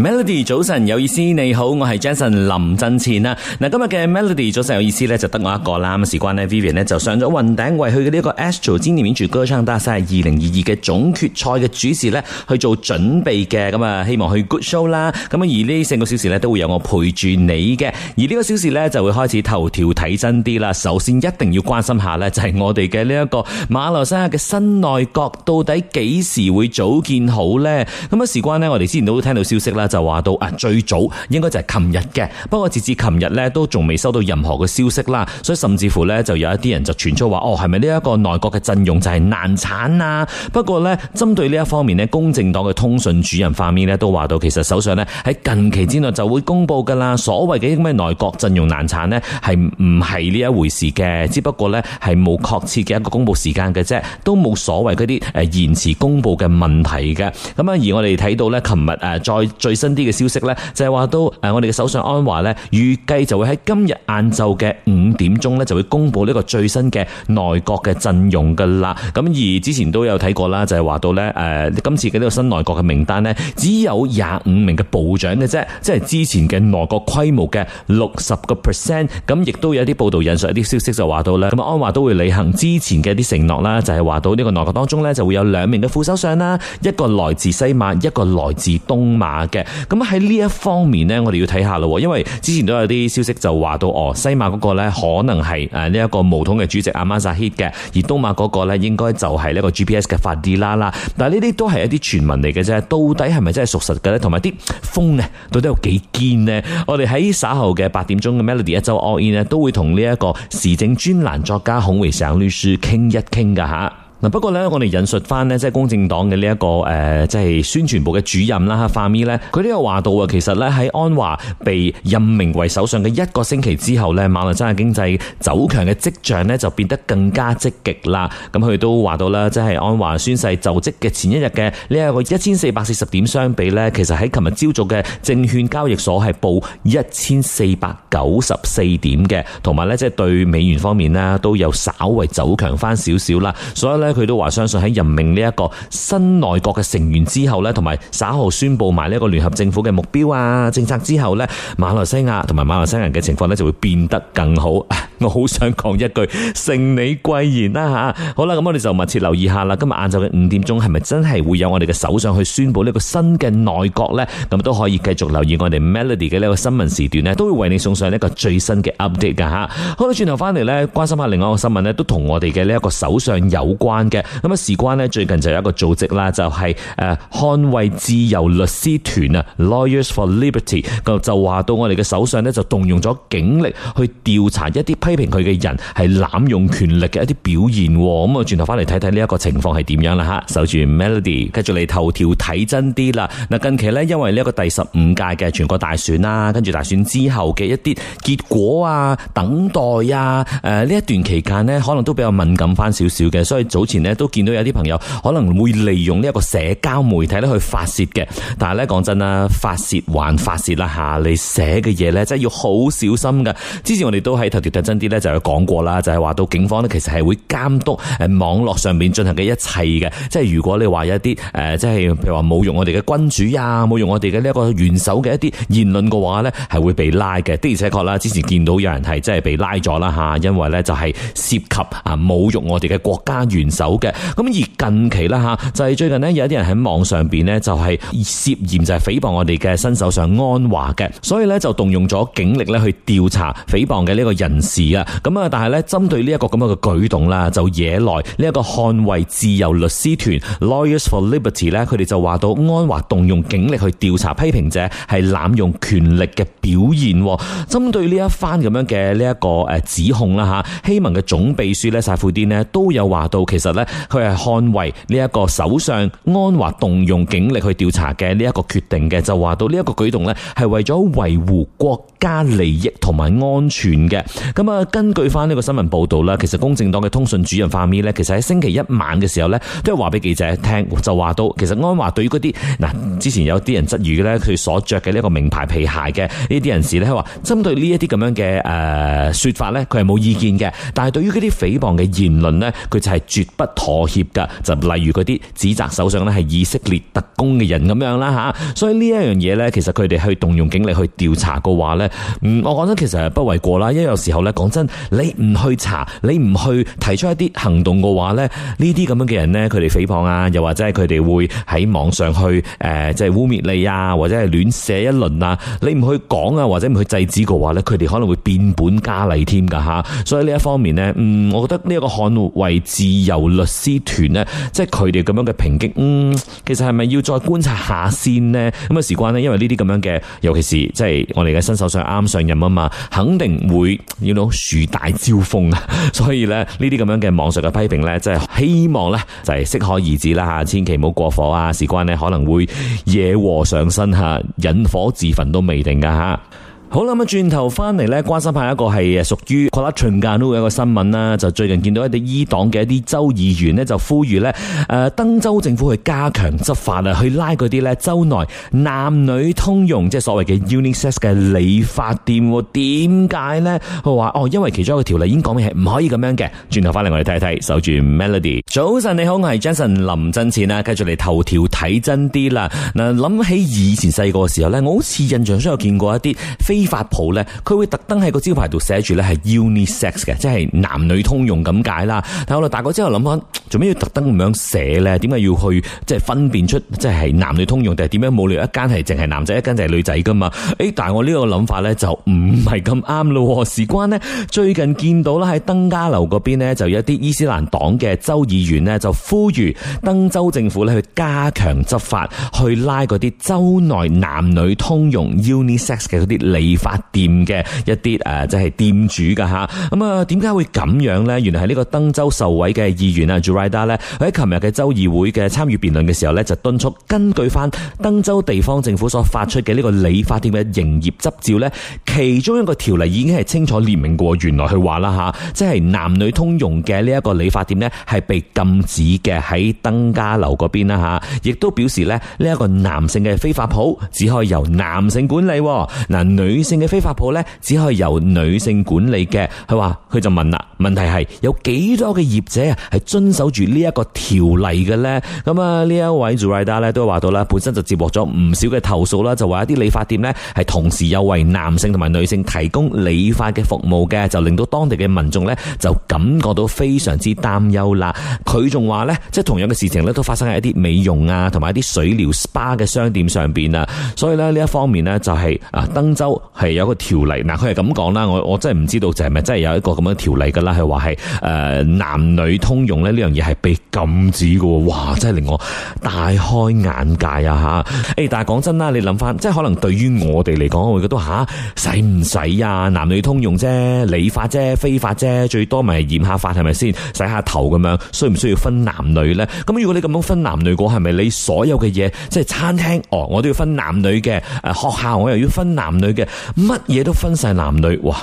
Melody 早晨有意思，你好，我係 Jason 林振前啊。嗱，今日嘅 Melody 早晨有意思咧，就得我一個啦。咁事關咧，Vivian 咧就上咗雲頂，為佢嘅呢一個 Astro 千面歌唱大賽，係二零二二嘅總決賽嘅主持咧去做準備嘅。咁啊，希望去 good show 啦。咁啊，而呢四個小時咧都會有我陪住你嘅。而呢個小時咧就會開始頭條睇真啲啦。首先一定要關心下咧，就係我哋嘅呢一個馬來西亞嘅新內閣到底幾時會組建好咧？咁啊，事關咧，我哋之前都聽到消息啦。就話到啊，最早應該就係琴日嘅，不過截至琴日呢都仲未收到任何嘅消息啦，所以甚至乎呢，就有一啲人就傳出話，哦，係咪呢一個內閣嘅陣容就係難產啊？不過呢，針對呢一方面呢，公正黨嘅通訊主任方面呢都話到，其實首相呢喺近期之內就會公布噶啦，所謂嘅咩嘅內閣陣容難產呢，係唔係呢一回事嘅，只不過呢，係冇確切嘅一個公布時間嘅啫，都冇所謂嗰啲誒延遲公布嘅問題嘅，咁啊而我哋睇到呢，琴日誒再最。新啲嘅消息呢，就係話到誒，我哋嘅首相安華呢，預計就會喺今日晏晝嘅五點鐘呢，就會公布呢個最新嘅內閣嘅陣容噶啦。咁而之前都有睇過啦，就係話到呢，誒，今次嘅呢個新內閣嘅名單呢，只有廿五名嘅部長嘅啫，即係之前嘅內閣規模嘅六十個 percent。咁亦都有一啲報道引述一啲消息，就話到呢。咁安華都會履行之前嘅一啲承諾啦，就係話到呢個內閣當中呢，就會有兩名嘅副首相啦，一個來自西馬，一個來自東馬嘅。咁喺呢一方面呢，我哋要睇下咯，因為之前都有啲消息就話到哦，西馬嗰個呢，可能係誒呢一個巫統嘅主席阿末扎希嘅，而東馬嗰個呢，應該就係呢個 GPS 嘅法迪拉啦。但係呢啲都係一啲傳聞嚟嘅啫，到底係咪真係屬實嘅呢？同埋啲風呢，到底有幾堅呢？我哋喺稍後嘅八點鐘嘅 Melody 一週 all in 呢，都會同呢一個時政專欄作家孔維省律師傾一傾噶吓。嗱，不過呢，我哋引述翻呢，即係公正黨嘅呢一個誒，即係宣傳部嘅主任啦，哈，范咪呢，佢都有話到啊。其實呢，喺安華被任命為首相嘅一個星期之後呢，馬來西亞經濟走強嘅跡象呢，就變得更加積極啦。咁佢都話到啦，即係安華宣誓就職嘅前一日嘅呢一個一千四百四十點相比呢，其實喺琴日朝早嘅證券交易所係報一千四百九十四點嘅，同埋呢，即係對美元方面呢，都有稍為走強翻少少啦。所以呢。佢都話相信喺任命呢一個新內閣嘅成員之後呢，同埋稍後宣布埋呢個聯合政府嘅目標啊政策之後呢，馬來西亞同埋馬來西亞人嘅情況呢就會變得更好。我好想講一句，承你貴言啦、啊、吓，好啦，咁我哋就密切留意下啦。今日晏晝嘅五點鐘，係咪真係會有我哋嘅首相去宣布呢個新嘅內閣呢？咁都可以繼續留意我哋 Melody 嘅呢個新聞時段呢，都會為你送上一個最新嘅 update 噶吓。好啦，轉頭翻嚟呢，關心下另外一個新聞呢，都同我哋嘅呢一個首相有關嘅。咁啊，事關呢，最近就有一個組織啦，就係、是、誒捍衛自由律師團啊，Lawyers for Liberty，就就話到我哋嘅首相呢，就動用咗警力去調查一啲。批評佢嘅人係濫用權力嘅一啲表現，咁啊轉頭翻嚟睇睇呢一個情況係點樣啦吓，守住 Melody，繼續嚟頭條睇真啲啦。嗱，近期呢，因為呢個第十五屆嘅全國大選啦，跟住大選之後嘅一啲結果啊、等待啊，誒呢一段期間呢，可能都比較敏感翻少少嘅，所以早前呢，都見到有啲朋友可能會利用呢一個社交媒體咧去發洩嘅，但係呢，講真啦，發洩還發洩啦吓，你寫嘅嘢呢，真係要好小心噶。之前我哋都喺頭條睇真。啲咧就有講過啦，就係話到警方呢，其實係會監督誒網絡上面進行嘅一切嘅，即係如果你話有一啲誒，即、呃、係譬如話侮辱我哋嘅君主啊，侮辱我哋嘅呢一個元首嘅一啲言論嘅話呢，係會被拉嘅，的而且確啦，之前見到有人係真係被拉咗啦吓，因為呢就係涉及啊侮辱我哋嘅國家元首嘅，咁而近期啦吓，就係、是、最近呢，有一啲人喺網上邊呢，就係涉嫌就係誹謗我哋嘅新首相安華嘅，所以呢就動用咗警力呢去調查誹謗嘅呢個人士。咁啊！但係咧，針對呢一個咁樣嘅舉動啦，就惹來呢一個捍衛自由律師團 （Lawyers for Liberty） 咧，佢哋就話到安華動用警力去調查批評者係濫用權力嘅表現。針對呢一番咁樣嘅呢一個誒指控啦，嚇希盟嘅總秘書咧薩富丁呢都有話到，其實呢，佢係捍衛呢一個首相安華動用警力去調查嘅呢一個決定嘅，就話到呢一個舉動呢係為咗維護國家利益同埋安全嘅。咁啊！根據翻呢個新聞報道啦，其實公正黨嘅通訊主任范咪呢，其實喺星期一晚嘅時候呢，都係話俾記者聽，就話到其實安華對於嗰啲嗱，之前有啲人質疑嘅呢，佢所着嘅呢個名牌皮鞋嘅呢啲人士呢，係話針對呢一啲咁樣嘅誒說法呢，佢係冇意見嘅，但係對於嗰啲誹謗嘅言論呢，佢就係絕不妥協噶。就例如嗰啲指責首相呢，係以色列特工嘅人咁樣啦吓，所以呢一樣嘢呢，其實佢哋去動用警力去調查嘅話呢，我覺得其實不為過啦，因為有時候呢。講真，你唔去查，你唔去提出一啲行動嘅話咧，呢啲咁樣嘅人咧，佢哋誹謗啊，又或者係佢哋會喺網上去誒，即、呃、係、就是、污衊你啊，或者係亂寫一輪啊，你唔去講啊，或者唔去制止嘅話咧，佢哋可能會變本加厲添噶吓。所以呢一方面呢，嗯，我覺得呢一個捍衛自由律師團呢，即係佢哋咁樣嘅抨擊，嗯，其實係咪要再觀察下先呢？咁啊，事關呢？因為呢啲咁樣嘅，尤其是即係我哋嘅新手上啱上任啊嘛，肯定會 you know, 樹大招風啊，所以咧呢啲咁樣嘅網上嘅批評呢，真係希望呢就係適可而止啦吓，千祈唔好過火啊，事關呢可能會惹禍上身吓，引火自焚都未定噶吓。好啦，咁轉頭翻嚟，咧關心下一個係誒，屬於瓜拉登嘉樓嘅一個新聞啦。就最近見到一啲伊黨嘅一啲州議員呢，就呼籲咧誒，登州政府去加強執法啊，去拉嗰啲咧州內男女通用即係所謂嘅 unisex 嘅理髮店。點解呢？佢話哦，因為其中一個條例已經講明係唔可以咁樣嘅。轉頭翻嚟，我哋睇一睇，守住 melody。早晨你好，我係 Jason 林振前啊。繼續嚟頭條睇真啲啦。嗱，諗起以前細個嘅時候咧，我好似印象中有見過一啲。飛髮舖呢，佢會特登喺個招牌度寫住呢係 unisex 嘅，即係男女通用咁解啦。但係我哋大個之後諗翻，做咩要特登咁樣寫呢？點解要去即係分辨出即係男女通用？定係點樣？冇理由一間係淨係男仔，一間淨係女仔噶嘛？誒，但係我呢個諗法呢，就唔係咁啱咯。事關呢，最近見到咧喺登嘉樓嗰邊呢，就有一啲伊斯蘭黨嘅州議員呢，就呼籲登州政府呢去加強執法，去拉嗰啲州內男女通用 unisex 嘅嗰啲理。理髮店嘅一啲誒、啊，即係店主噶吓，咁啊，點解會咁樣咧？原來係呢個登州受委嘅議員啊，Girida 咧，喺琴日嘅州議會嘅參與辯論嘅時候咧，就敦促根據翻，登州地方政府所發出嘅呢個理髮店嘅營業執照咧，其中一個條例已經係清楚列明過，原來佢話啦吓，即係男女通用嘅呢一個理髮店咧，係被禁止嘅，喺登嘉樓嗰邊啦吓。亦、啊、都表示咧，呢、這、一個男性嘅非法鋪只可以由男性管理，嗱、啊、女。女性嘅非法鋪咧，只可以由女性管理嘅。佢話佢就問啦，問題係有幾多嘅業者啊係遵守住呢一個條例嘅咧？咁啊，呢一位 Zuraida 咧都話到啦，本身就接獲咗唔少嘅投訴啦，就話一啲理髮店咧係同時又為男性同埋女性提供理髮嘅服務嘅，就令到當地嘅民眾咧就感覺到非常之擔憂啦。佢仲話咧，即係同樣嘅事情咧都發生喺一啲美容啊同埋一啲水療 SPA 嘅商店上邊啊。所以咧呢一方面咧就係、是、啊，登州。係有一個條例，嗱，佢係咁講啦，我我真係唔知道就係咪真係有一個咁樣條例噶啦，係話係誒男女通用咧呢樣嘢係被禁止噶喎，哇真係令我大開眼界啊吓！誒、欸，但係講真啦，你諗翻，即係可能對於我哋嚟講，我會覺得：啊「吓使唔使啊？男女通用啫，理髮啫，飛髮啫，最多咪染下髮係咪先？洗下頭咁樣，需唔需要分男女咧？咁如果你咁樣分男女，嗰係咪你所有嘅嘢即係餐廳？哦、呃，我都要分男女嘅誒、呃，學校我又要分男女嘅。乜嘢都分晒男女，哇！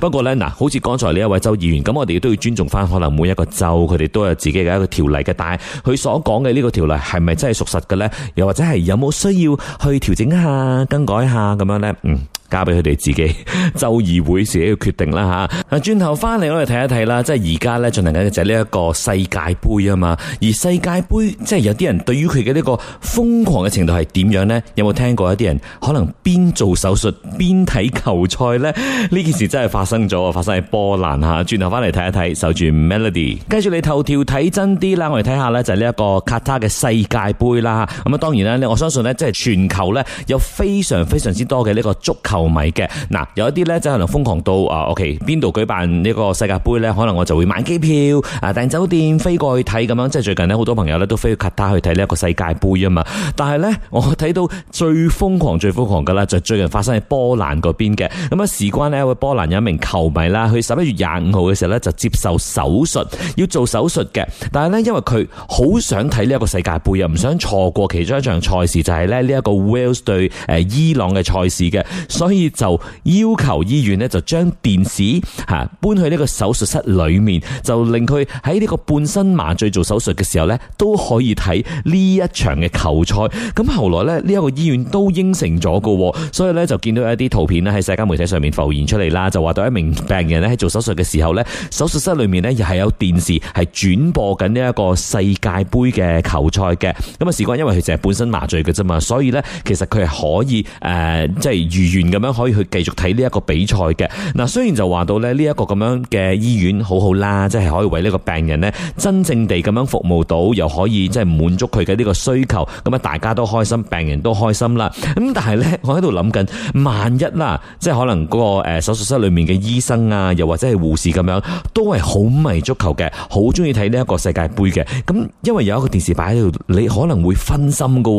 不過呢，嗱，好似剛才呢一位州議員，咁我哋都要尊重翻，可能每一個州佢哋都有自己嘅一個條例嘅，但係佢所講嘅呢個條例係咪真係屬實嘅呢？又或者係有冇需要去調整一下、更改一下咁樣呢？嗯。交俾佢哋自己，周二會自己嘅決定啦吓。啊，轉頭翻嚟我哋睇一睇啦，即係而家咧進行緊嘅就係呢一個世界盃啊嘛。而世界盃即係有啲人對於佢嘅呢個瘋狂嘅程度係點樣呢？有冇聽過有啲人可能邊做手術邊睇球賽呢？呢件事真係發生咗，發生喺波蘭吓。轉頭翻嚟睇一睇，守住 Melody，跟住你頭條睇真啲啦。我哋睇下呢，就係呢一個卡塔嘅世界盃啦。咁啊，當然啦，我相信呢，即係全球呢，有非常非常之多嘅呢個足球。球迷嘅嗱，有一啲咧就可能瘋狂到啊，O K 邊度舉辦呢個世界杯咧，可能我就會買機票啊、訂酒店飛過去睇咁樣。即係最近咧，好多朋友咧都飛去卡塔去睇呢一個世界杯啊嘛。但係咧，我睇到最瘋狂最瘋狂噶啦，就最近發生喺波蘭嗰邊嘅咁啊。事關呢一位波蘭有一名球迷啦，佢十一月廿五號嘅時候咧就接受手術，要做手術嘅。但係咧，因為佢好想睇呢一個世界杯，又唔想錯過其中一場賽事，就係咧呢一個 Wales、well、對誒伊朗嘅賽事嘅。所以所以就要求醫院呢就將電視吓搬去呢個手術室裏面，就令佢喺呢個半身麻醉做手術嘅時候呢都可以睇呢一場嘅球賽。咁後來呢，呢一個醫院都應承咗喎。所以呢，就見到一啲圖片呢喺社交媒體上面浮現出嚟啦，就話到一名病人呢喺做手術嘅時候呢手術室裏面呢又係有電視係轉播緊呢一個世界盃嘅球賽嘅。咁啊，事關因為佢淨係半身麻醉嘅啫嘛，所以呢，其實佢係可以誒，即係如願嘅。就是咁樣可以去繼續睇呢一個比賽嘅嗱，雖然就話到咧呢一個咁樣嘅醫院好好啦，即係可以為呢個病人呢真正地咁樣服務到，又可以即係滿足佢嘅呢個需求，咁啊大家都開心，病人都開心啦。咁但係呢，我喺度諗緊，萬一啦，即係可能嗰個誒手術室裏面嘅醫生啊，又或者係護士咁樣，都係好迷足球嘅，好中意睇呢一個世界杯嘅。咁因為有一個電視擺喺度，你可能會分心噶，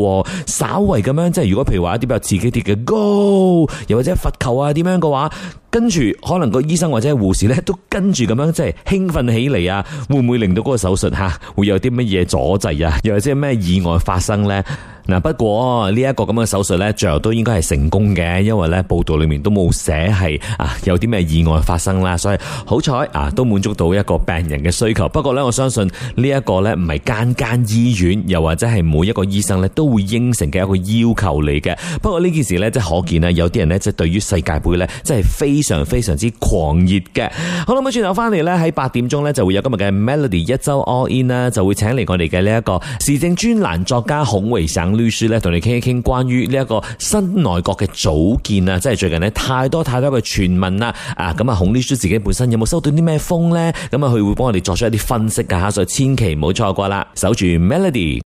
稍為咁樣，即係如果譬如話一啲比較刺激啲嘅，Go！又或者罰球啊，點樣嘅話？跟住可能個醫生或者護士咧，都跟住咁樣即係興奮起嚟啊，會唔會令到嗰個手術吓、啊、會有啲乜嘢阻滯啊？又或者係咩意外發生咧？嗱、啊，不過呢一個咁嘅手術咧，最後都應該係成功嘅，因為咧報道裏面都冇寫係啊有啲咩意外發生啦，所以好彩啊都滿足到一個病人嘅需求。不過咧，我相信呢一個咧唔係間間醫院又或者係每一個醫生咧都會應承嘅一個要求嚟嘅。不過呢件事咧，即係可見啊，有啲人咧即係對於世界杯咧，即係非。非常非常之狂熱嘅，好啦，咁轉頭翻嚟，呢，喺八點鐘呢，就會有今日嘅 Melody 一周 All In 啦，就會請嚟我哋嘅呢一個時政專欄作家孔維省律師呢，同你傾一傾關於呢一個新內閣嘅組建啊，即係最近呢太多太多嘅傳聞啦，啊，咁啊，孔律師自己本身有冇收到啲咩風呢？咁啊，佢會幫我哋作出一啲分析噶，所以千祈唔好錯過啦，守住 Melody。